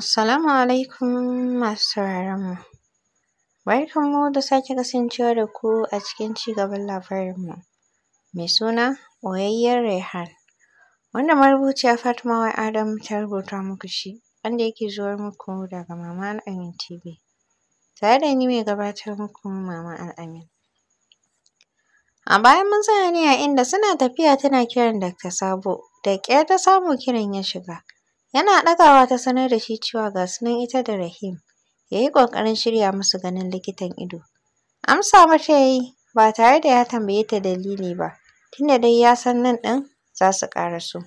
Assalamu alaikum masu sauraron mu. Barkan mu da sake kasancewa da ku a cikin ci gaban labarin mu. Mai suna ɓoyayyiyar Rehan. Wanda marubuciya Fatima Y Adam ta rubuta muku shi wanda yake zuwar muku daga Mama Al'amin TV. Tare da ni mai gabatar muku Mama Al'amin. A baya mun tsaya ne a inda suna tafiya tana kiran Dakta Sabo da ƙyar ta samu kiran ya shiga. Yana ɗagawa ta sanar da shi cewa ga sunan ita da Rahim, ya yi ƙoƙarin shirya musu ganin likitan ido. Amsa mata ya yi ba tare da ya tambaye ta dalili ba, tunda dai ya san nan ɗin za su ƙara su.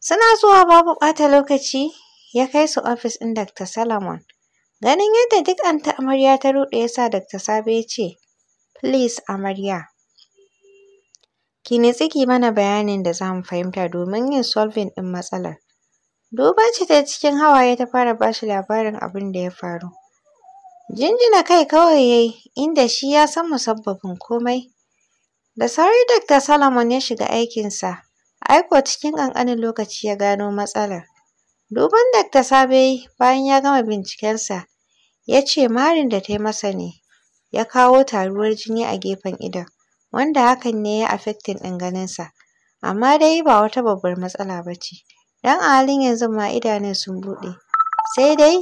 Suna zuwa babu ɓata lokaci ya kai su ofis ɗin Dr. Solomon. Ganin yadda duk an ta amarya ta ruɗe ya sa Dr. Sabe ya ce, Please amarya, ki nitsi ki mana bayanin da za mu fahimta domin yin solving ɗin matsalar. Duba cita ta cikin hawaye ta fara ba shi labarin abin da ya faru. Jinjina kai kawai ya yi, inda shi ya san musabbabin komai. Da sauri Dr. Solomon ya shiga aikinsa, aiko cikin ƙanƙanin lokaci ya gano matsalar. Duban Dr. Sabe bayan ya gama bincikensa, ya ce marin da ta yi masa ne ya kawo taruwar jini a gefen idon, wanda hakan ne ya affecting ɗin ganinsa, amma dai ba wata babbar matsala ba ce. Dan a halin yanzu ma idanun sun buɗe sai dai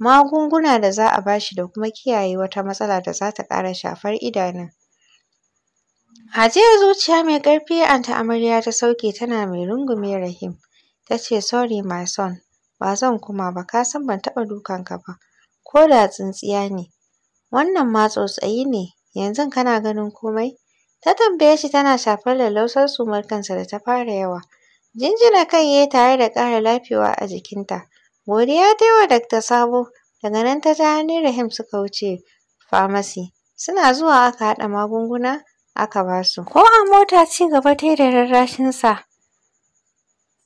magunguna da za a bashi da kuma kiyaye wata matsala da za ta ƙara shafar idanun. hajiyar zuciya mai ƙarfi anti amarya ta sauke tana mai rungume Rahim ta ce sorry my son ba zan kuma ba ka san ban taɓa dukan ka ba ko da tsintsiya ne wannan ma tsotsayi ne yanzu kana ganin komai ta tambaye shi tana shafar lallausar sumar kansa da ta fara yawa Jinjina kai ya tare da ƙara lafiyawa a jikinta. Godiya ta yi wa Dakta Sabo. Daga nan ta ja hannun Rahim suka wuce famasi. Suna zuwa aka haɗa magunguna aka ba su. Ko a mota ci gaba ta yi da sa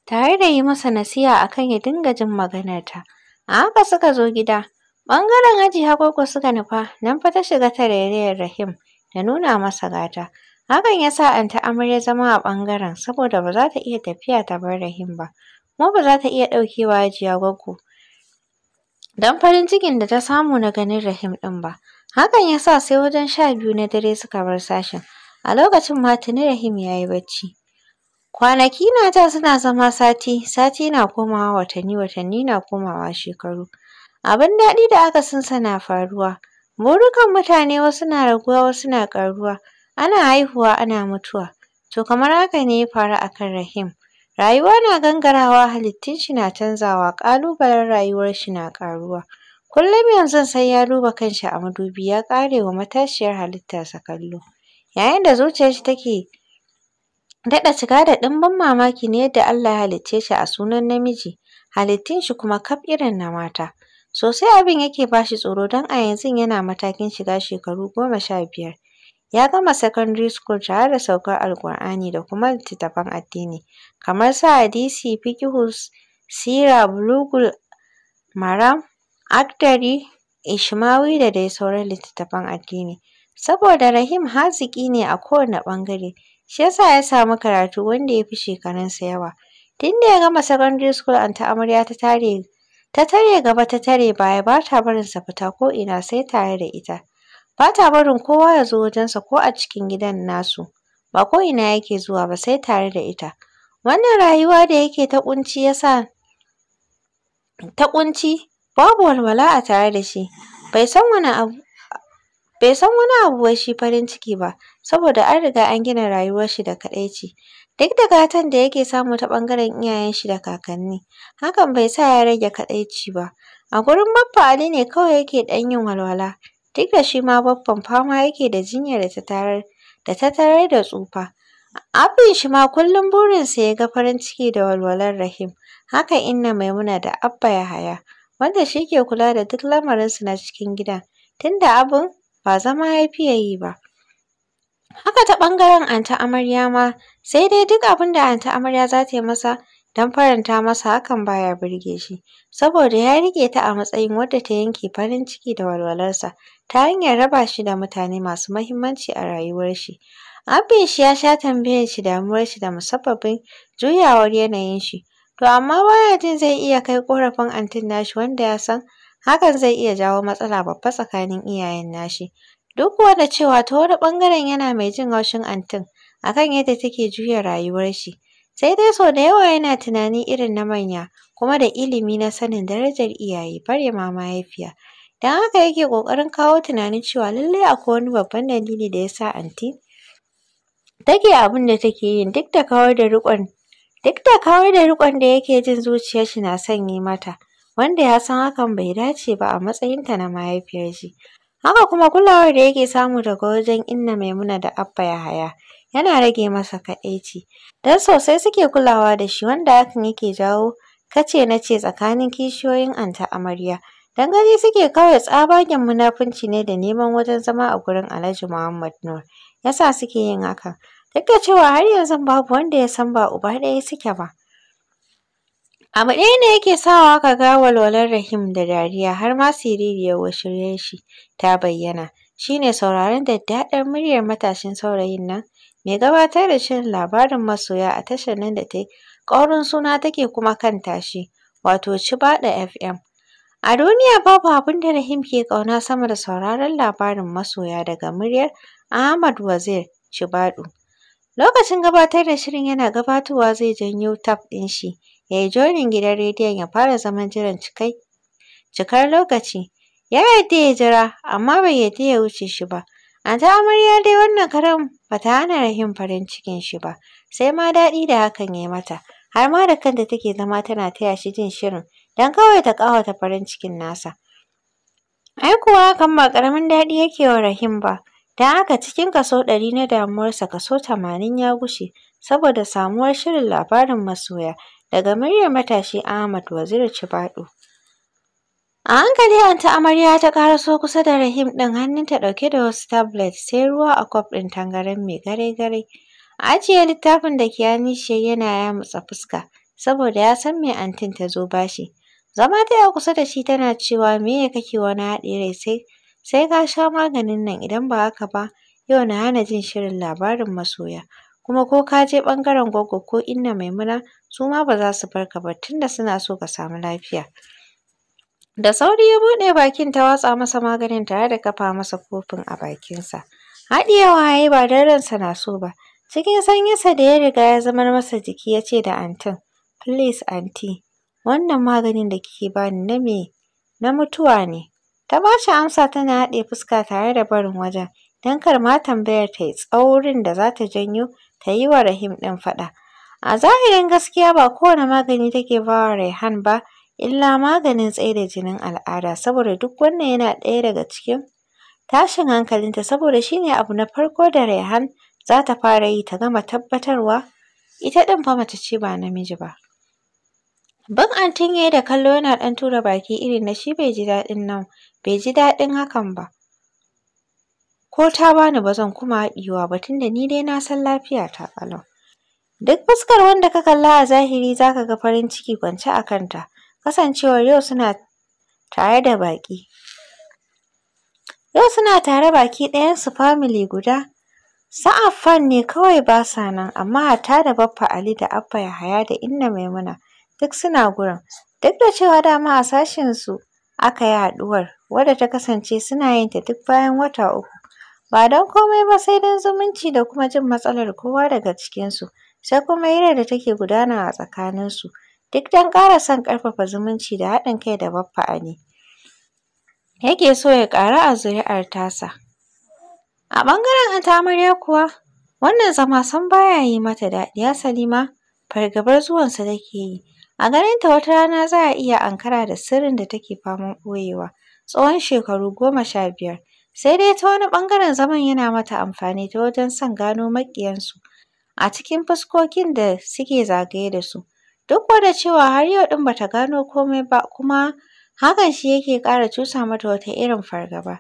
tare da yi masa nasiha kan ya dinga jin maganarta. A haka suka zo gida. Ɓangaren Hajiya Goggo suka nufa, nan fa ta shiga tarairayar Rahim ta nuna masa gata. Hakan ya sa anti amarya zama a ɓangaren saboda ba za ta iya tafiya ta bar Rahim ba, kuma ba za ta iya ɗaukewa jiya gwaggo don farin cikin da ta samu na ganin Rahim ɗin ba. Hakan ya sa sai wajen sha biyu na dare suka bar sashen. A lokacin ma tuni Rahim ya yi bacci. Kwanaki na ta suna zama sati, sati na komawa watanni, watanni na komawa shekaru. Abin daɗi da akasinsa na faruwa. Burukan mutane wasu na raguwa wasu na ƙaruwa. ana haihuwa ana mutuwa to kamar haka ne ya faru a kan rahim rayuwa na gangarawa halittun shi na canzawa ƙalubalen rayuwar shi na ƙaruwa kullum yanzu sai ya duba kanshi a madubi ya ƙare wa matashiyar halittarsa kallo yayin da zuciyar shi take daɗa cika da ɗimbin mamaki ne yadda Allah ya halicce shi a sunan namiji halittun shi kuma kaf irin na mata sosai abin yake bashi tsoro don a yanzu yana matakin shiga shekaru goma sha biyar Ya gama secondary school tare da saukar Alƙur'ani da kuma littattafan addini kamar su hadisi, fiqhu, sira, bulugul maram, akdari, ishmawi da dai sauran littattafan addini. Saboda Rahim haziƙi ne a kowane ɓangare shi ya sa ya samu karatu wanda ya fi shekarunsa yawa. Tun da ya gama secondary school ta Amarya ta tare ta tare gaba ta tare baya ba ta barinsa fita ko'ina sai tare da ita. Ba ta barin kowa ya zo wajensa ko a cikin gidan nasu, ba ko'ina yake zuwa ba sai tare da ita. Wannan rayuwa da yake ta ƙunci ya sa ta babu walwala a tare da shi, bai san wani abu bai san wani abu wai shi farin ciki ba saboda an riga an gina shi da kaɗaici. Duk da gatan da yake samu ta ɓangaren shi da kakanni, hakan bai sa ya rage kaɗaici ba. A gurin Baffa Ali ne kawai yake ɗan yin walwala duk da shi ma babban fama yake da jinyar da ta tarar da tsufa. Abin shi ma kullum burinsa ya ga farin ciki da walwalar Rahim. Haka inna Maimuna da Abba Yahaya, wanda shi ke kula da duk lamarinsu na cikin gida, tunda abin ba zama ya fiye yi ba. Haka ta ɓangaren Anta Amarya ma, sai dai duk abin da Anta Amarya za ta yi masa, don faranta masa hakan baya birge shi saboda ya rike ta a matsayin wadda ta yanke farin ciki da walwalarsa ta hanyar raba shi da mutane masu mahimmanci a rayuwar shi. Abin shi ya sha tambayar shi damuwar shi da musabbabin juyawar yanayin shi to amma baya jin zai iya kai korafin antin nashi wanda ya san hakan zai iya jawo matsala babba tsakanin iyayen nashi. Duk kuwa cewa ta wani ɓangaren yana mai jin haushin antin akan yadda take juya rayuwar shi Sai dai sau da yawa yana tunani irin na manya kuma da ilimi na sanin darajar iyaye bare ma mahaifiya. Don haka yake ƙoƙarin kawo tunanin cewa lallai akwai wani babban dalili da ya sa anti take abin da take yi duk da kawar da duk da kawar da riƙon da yake jin shi na son yi mata wanda ya san hakan bai dace ba a matsayinta na mahaifiyar shi. Haka kuma kulawar da yake samu daga wajen inna Maimuna da Abba Yahaya yana rage masa kaɗaici don sosai suke kulawa da shi wanda hakan yake jawo kace na ce tsakanin kishiyoyin anti amarya don gani suke kawai tsabagen munafunci ne da neman wajen zama a gurin alhaji muhammad nur yasa suke yin hakan duk da cewa har yanzu babu wanda ya san ba uba ɗaya suke ba abu ɗaya ne yake sawa ka ga walwalar rahim da dariya har ma siririyar washiryan shi ta bayyana shine sauraron daddaɗar muryar matashin saurayin nan mai gabatar da shirin labarin masoya a tashar nan da ta yi ƙaurin suna take kuma kan tashi wato Cibaɗa FM. A duniya babu abin da Rahim ke ƙauna sama da sauraron labarin masoya daga muryar Ahmad Wazir Cibaɗu. Lokacin gabatar da shirin yana gabatowa zai janyo tab ɗin shi yayi yi joinin gidan rediyon ya fara zaman jiran cikai cikar lokaci. Ya yarda ya jira amma bai yarda ya wuce shi ba. A ta amarya dai wannan karan Ba ta hana Rahim farin cikin shi ba, sai ma daɗi da hakan ya mata, har ma da kanta take zama tana taya shi jin shirin don kawai ta ƙawata farin cikin nasa. Ai kuwa hakan ba ƙaramin daɗi yake wa Rahim ba, don haka cikin kaso ɗari na damuwarsa kaso tamanin ya gushe saboda samuwar shirin labarin masoya daga muryar matashi Ahmad Waziri Cibaɗo. A hankali anta amarya ta karaso kusa da Rahim ɗin hannun ta ɗauke da wasu tablet sai ruwa a kwaf ɗin tangaran mai gare-gare. A ajiye littafin da ke shi yana yamutsa fuska saboda ya san me antin ta zo bashi. Zama ta yi kusa da shi tana cewa me ya kake wani haɗi rai sai sai ka sha maganin nan idan ba haka ba yau na hana jin shirin labarin masoya. Kuma ko ka je ɓangaren gwaggo ko inna Maimuna su ma ba za su bar ka ba tunda suna so ka samu lafiya. Da sauri ya buɗe bakin ta watsa masa maganin tare da kafa masa kofin a bakinsa. Haɗiyewa ya yi ba don ransa na so ba. Cikin sanyinsa da ya riga ya zama masa jiki ya ce da antin, Please anti, wannan maganin da kike bani na me? Na mutuwa ne. Ta ba shi amsa tana haɗe fuska tare da barin wajen don kar ma tambayar ta yi tsaurin da za ta janyo ta yi wa Rahim ɗin faɗa. A zahirin gaskiya ba kowane magani take ba wa Raihan ba illa maganin tsaida jinin al'ada saboda duk wannan yana ɗaya daga cikin tashin hankalinta saboda shi ne abu na farko da Rayhan za ta fara yi ta gama tabbatarwa ita ɗin fa mace ce ba namiji ba. ban antin yayi da kallo yana ɗan tura baki irin na shi bai ji daɗin nan bai ji daɗin hakan ba. Ko ta bani ba zan kuma haɗiwa ba tunda ni dai na san lafiya ta ƙalau. Duk fuskar wanda ka kalla a zahiri za ka ga farin ciki kwance a kanta, kasancewar yau suna tare da baƙi. Yau suna tare baki su family guda. Su ne kawai basa nan amma hatta da Baffa Ali da Abba Yahaya da Inna Maimuna duk suna gurin. Duk da cewa dama a su aka yi haɗuwar wadda ta kasance suna yin ta duk bayan wata uku. Ba don komai ba sai don zumunci da kuma jin matsalar kowa daga cikinsu sai kuma hirar da take gudana a tsakaninsu. duk don ƙara son ƙarfafa zumunci da haɗin kai da Baffa Ali yake so ya ƙaru a zuri'ar tasa. A ɓangaren Hata kuwa wannan zama sam baya yi mata daɗi hasali ma fargabar zuwansa take yi. A ganinta wata rana za a iya ankara da sirrin da take faman ɓoyewa tsawon shekaru goma sha biyar. Sai dai ta wani ɓangaren zaman yana mata amfani ta wajen son gano maƙiyansu a cikin fuskokin da suke zagaye da su. Duk da cewa har yau ɗin bata gano komai ba kuma hakan shi yake ƙara cusa mata wata irin fargaba.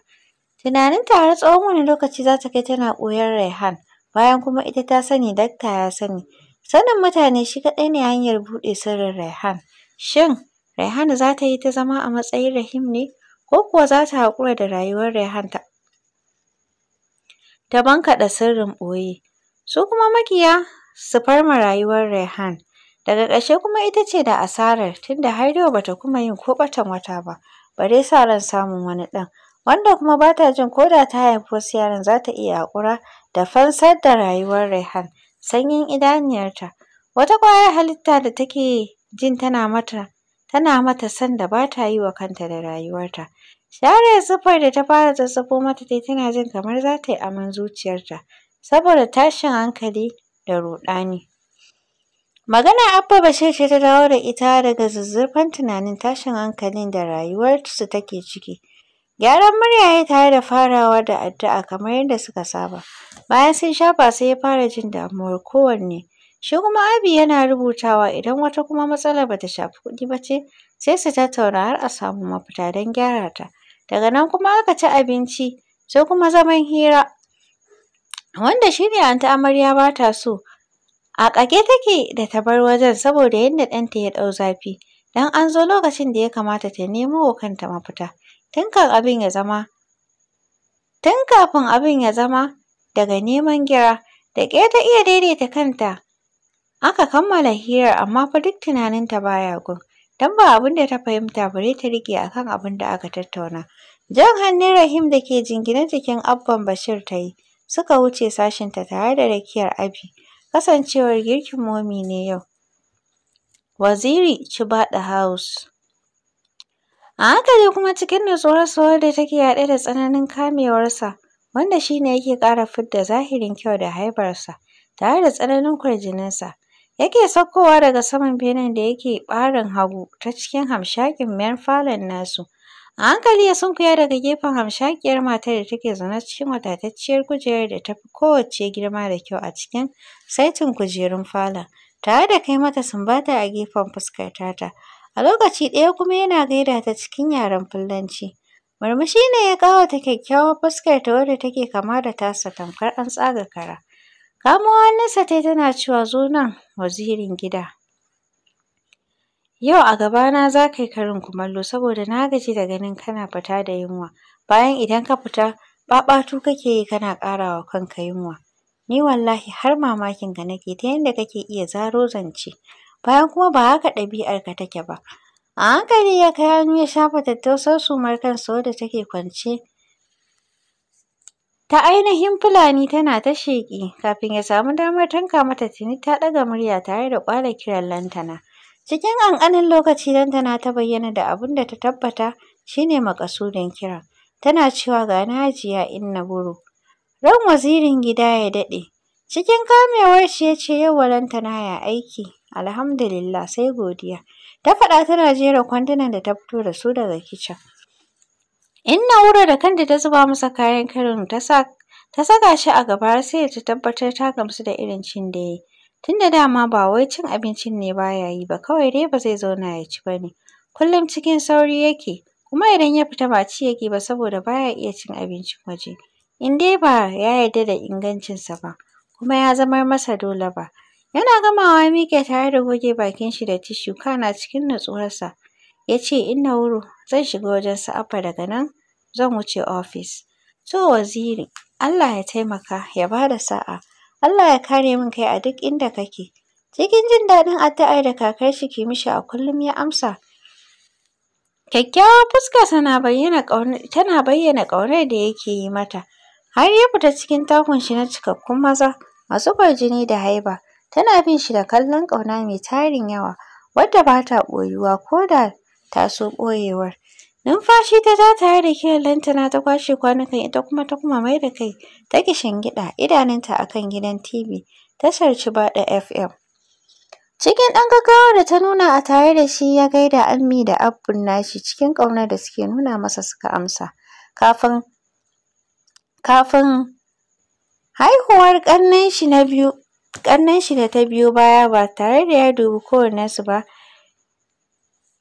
Tunaninta har tsawon wani lokaci za ta kai tana ɓoyar Raihan bayan kuma ita ta sani dakta ya sani. Sanin mutane shi kaɗai ne hanyar buɗe sirrin Raihan. Shin Raihan za ta yi ta zama a matsayin Rahim ne ko kuwa za ta haƙura da rayuwar Raihan ta ta bankaɗa sirrin ɓoye? Su kuma makiya su farma rayuwar Raihan. Daga ƙarshe kuma ita ce da asarar tunda har yau bata kuma yin ko ɓatan wata ba, bare sa ran samun wani ɗan, wanda kuma bata jin ko da ta haifi wasu yaran za ta iya haƙura da fansar da rayuwar Rayhan sanyin idaniyarta. Wata ƙwayar halitta da take jin tana mata tana mata son da ba ta yi wa kanta da rayuwarta. Share siffar da ta fara zazzabo mata dai tana jin kamar za ta yi aman zuciyarta saboda tashin hankali da ruɗani. Magana Abba Bashir ce ta dawo da ita daga zuzzurfan tunanin tashin hankalin da rayuwarsu take ciki. Gyaran murya ya tare da farawa da addu'a kamar yadda suka saba. Bayan sun shafa sai ya fara jin damuwar kowanne. Shi kuma Abi yana rubutawa idan wata kuma matsala bata shafi kuɗi ba ce, sai su tattauna har a samu mafita don gyara ta. Daga nan kuma aka ci abinci, sai kuma zaman hira. Wanda shi ne anti amarya ba ta so, A ƙage take da ta bar wajen saboda yadda ɗanta ya ɗau zafi, don an zo lokacin da ya kamata ta nemo wa kanta mafita, tun kafin abin ya zama daga neman gira da ƙyar ta iya daidaita kanta. Aka kammala hirar amma fa duk tunaninta ba ya gun, don ba abin da ta fahimta bare ta riƙe a kan abin da aka tattauna. Jan hannun Rahim da ke jingine jikin Abban Bashir ta yi, suka wuce sashinta tare da rakiyar Abi. Kasancewar girkin momi ne yau. Waziri Chibada House A hankali kuma cikin nutsuwar da take haɗe da tsananin kamewarsa, wanda shi ne yake ƙara fidda zahirin kyau da haibarsa, tare da tsananin kwarjininsa, yake saukowa daga saman benen da yake ɓarin hagu ta cikin hamshaƙin mayar falon nasu. A hankali ya sunkuya daga gefen hamshakiyar matar da take zaune cikin wadatacciyar kujerar da ta fi kowacce girma da kyau a cikin saitin kujerun falon, tare da kai mata sumbata a gefen fuskar tata. A lokaci ɗaya kuma yana gaida ta cikin yaren Fulanci. Murmushi ne ya ƙawata kyakkyawar ta wadda take kama da tasa tamkar an tsaga kara. Kamo hannunsa ta yi tana cewa zo nan wazirin gida. Yau a gabana za ka yi karin kumallo saboda na gaji da ganin kana fita da yunwa, bayan idan ka fita ɓaɓatu kake yi kana ƙara wa kanka yunwa. Ni wallahi har mamakin mamakinka nake ta yanda kake iya zaro zance, bayan kuma ba haka ɗabi'arka take ba. A hankali ya kai hannu ya shafa tattausar sumar kansa wadda take kwance ta ainihin Fulani tana ta sheƙi, kafin ya samu damar tanka mata tuni ta ɗaga murya tare da ƙwala kiran lantana. Cikin ƙanƙanin lokaci Lantana ta bayyana da abin da ta tabbata shi ne maƙasudin kiran. Tana cewa ga na Hajiya inna buru. Ran wazirin gida ya daɗe. Cikin kamewar shi ya ce yauwa Lantana ya aiki? Alhamdulillah sai godiya. Ta faɗa tana jera kwandunan da ta fito da su daga kicin. Inna wuro da kanta ta zuba masa kayan karin ta saka shi a gaba har sai da ta tabbatar ta gamsu da irin cin da ya yi. Tunda dama ba wai cin abincin ne ba ya yi ba, kawai dai ba zai zauna ya ci ba ne. Kullum cikin sauri yake, kuma idan ya fita ba ci yake ba saboda ba ya iya cin abincin waje. In dai ba ya yarda da ingancinsa ba, kuma ya zamar masa dole ba. Yana gamawa ya miƙe tare da goge bakin shi da tishu kana cikin natsuwarsa. Ya ce, Inna Wuro, zan shiga wajen su daga nan zan wuce ofis. To Waziri, Allah ya taimaka ya ba da sa'a. Allah ya kare min kai a duk inda kake. Cikin jin daɗin addu'a da kakar shi ke mishi a kullum ya amsa. Kyakkyawar fuskarsa tana bayyana ƙaunar da yake yi mata. Har ya fita cikin takun shi na cikakkun maza masu kwarjini da haiba. Tana bin shi da kallon ƙauna mai tarin yawa wadda ba ta ɓoyuwa ko da ta so ɓoyewar. Numfashi ta ja tare da kiran lantana ta kwashe kwanukan ita kuma ta kuma mai da kai ta gida idanunta a kan gidan TV tashar Cibaɗa FM. Cikin ɗan gaggawa da ta nuna a tare da shi ya gaida Ammi da Abbun nashi cikin ƙaunar da suke nuna masa suka amsa. Kafin haihuwar ƙannenshi da ta biyu baya ba tare da ya dubi kowannensu ba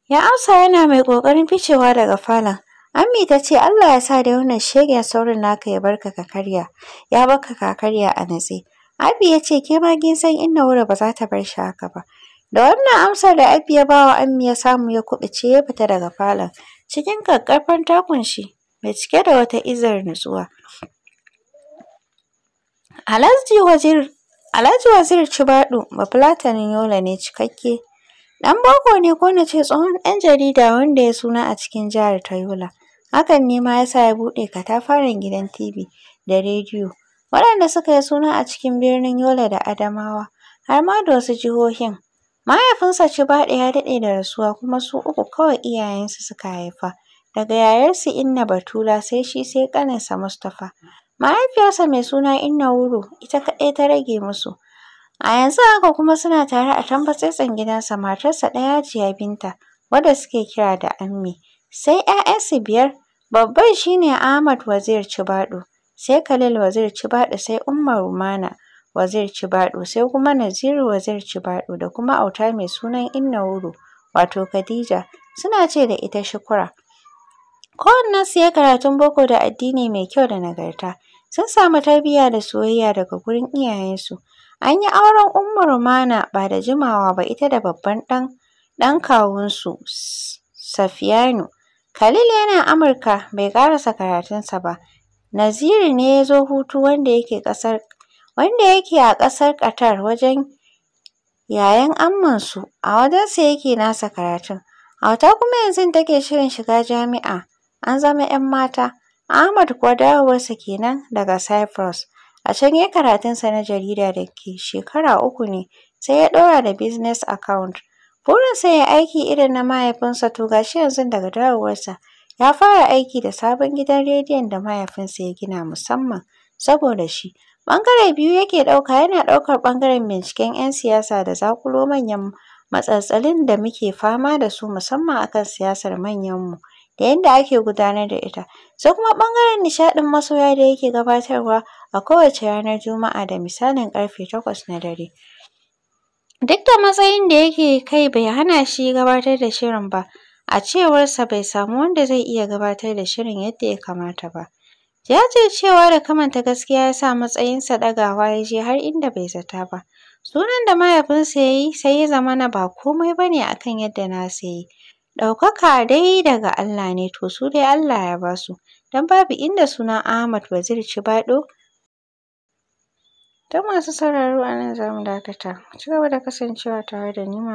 Ya amsa yana mai ƙoƙarin ficewa daga falon. Ammi ta ce Allah ya sa da wannan shegen saurin naka ya barka ka karya, ya barka ka karya a natse. Abi ya ce ke ma kin san inna wura ba za ta bar shi haka ba. Da wannan amsar da Abi ya bawa Ammi ya samu ya kuɓuce ya fita daga falon cikin ƙaƙƙarfan takun shi mai cike da wata izar nutsuwa. Alhaji Wazir Alhaji Wazir Cibaɗo Bafulatanin Yola ne cikakke Ɗan boko ne ko na ce tsohon ɗan jarida wanda ya suna a cikin jihar Tayula. hakan ne ma ya sa ya buɗe katafaren gidan TV da rediyo waɗanda suka yi suna a cikin birnin Yola da Adamawa har ma da wasu jihohin. Mahaifinsa ba ya daɗe da rasuwa kuma su uku kawai iyayensu suka haifa, daga yayarsu Inna Batula sai shi sai ƙaninsa Mustapha. Mahaifiyarsa mai suna Inna Wuro ita kaɗai ta rage musu, A yanzu haka kuma suna tare a can gidansa matarsa ɗaya jiya Binta wadda suke kira da Ammi. Sai 'ya'yansu biyar babban shine Ahmad Wazir Cibaɗo, sai Khalil Wazir Cibaɗo, sai Umma Rumana Wazir Cibaɗo, sai kuma Naziru Wazir Cibaɗo da kuma auta mai sunan Inna Wuro wato Khadija suna ce da ita Shukura. Kowannensu ya karatun boko da addini mai kyau da nagarta. Sun samu tarbiyya da soyayya daga gurin iyayensu. An yi auren Ummu Rumana ba da jimawa ba ita da babban ɗan ɗan kawunsu Safiyanu. Khalil yana Amurka bai karasa karatun sa ba. Naziru ne ya zo hutu wanda yake kasar wanda yake a ƙasar Qatar wajen yayan ammansu a sa yake nasa karatun. Auta kuma yanzu take shirin shiga jami'a. An zama ‘yan mata. Ahmad kuwa dawowarsa kenan daga Cyprus. A can ya karatunsa na jarida da ke shekara uku ne, sai ya ɗora da Business Account. Burinsa ya aiki irin na mahaifinsa to gashi yanzu daga dawowarsa ya fara aiki da sabon gidan rediyon da mahaifinsa ya gina musamman saboda shi. Ɓangare biyu yake ɗauka yana ɗaukar ɓangaren binciken 'yan siyasa da zaƙulo manyan matsatstsalun da muke fama da su musamman akan siyasar manyanmu da yadda ake gudanar da ita. Sai kuma ɓangaren nishaɗin masoya da yake gabatarwa a kowace ranar Juma'a da misalin ƙarfe takwas na dare. Duk da matsayin da yake kai bai hana shi gabatar da shirin ba, a cewarsa bai samu wanda zai iya gabatar da shirin yadda ya kamata ba. Ya Jajircewa da kamanta gaskiya ya sa matsayinsa ɗagawa ya je har inda bai zata ba. Sunan da mahaifinsa ya yi sai ya zama na ba komai bane akan yadda na sayi. Ɗaukaka dai daga Allah ne, to su dai Allah ya ba su. Don babu inda sunan Ahmad ci Cibaɗo Ta masu sauraro a nan za mu dakata. ci gaba da kasancewa tare da ni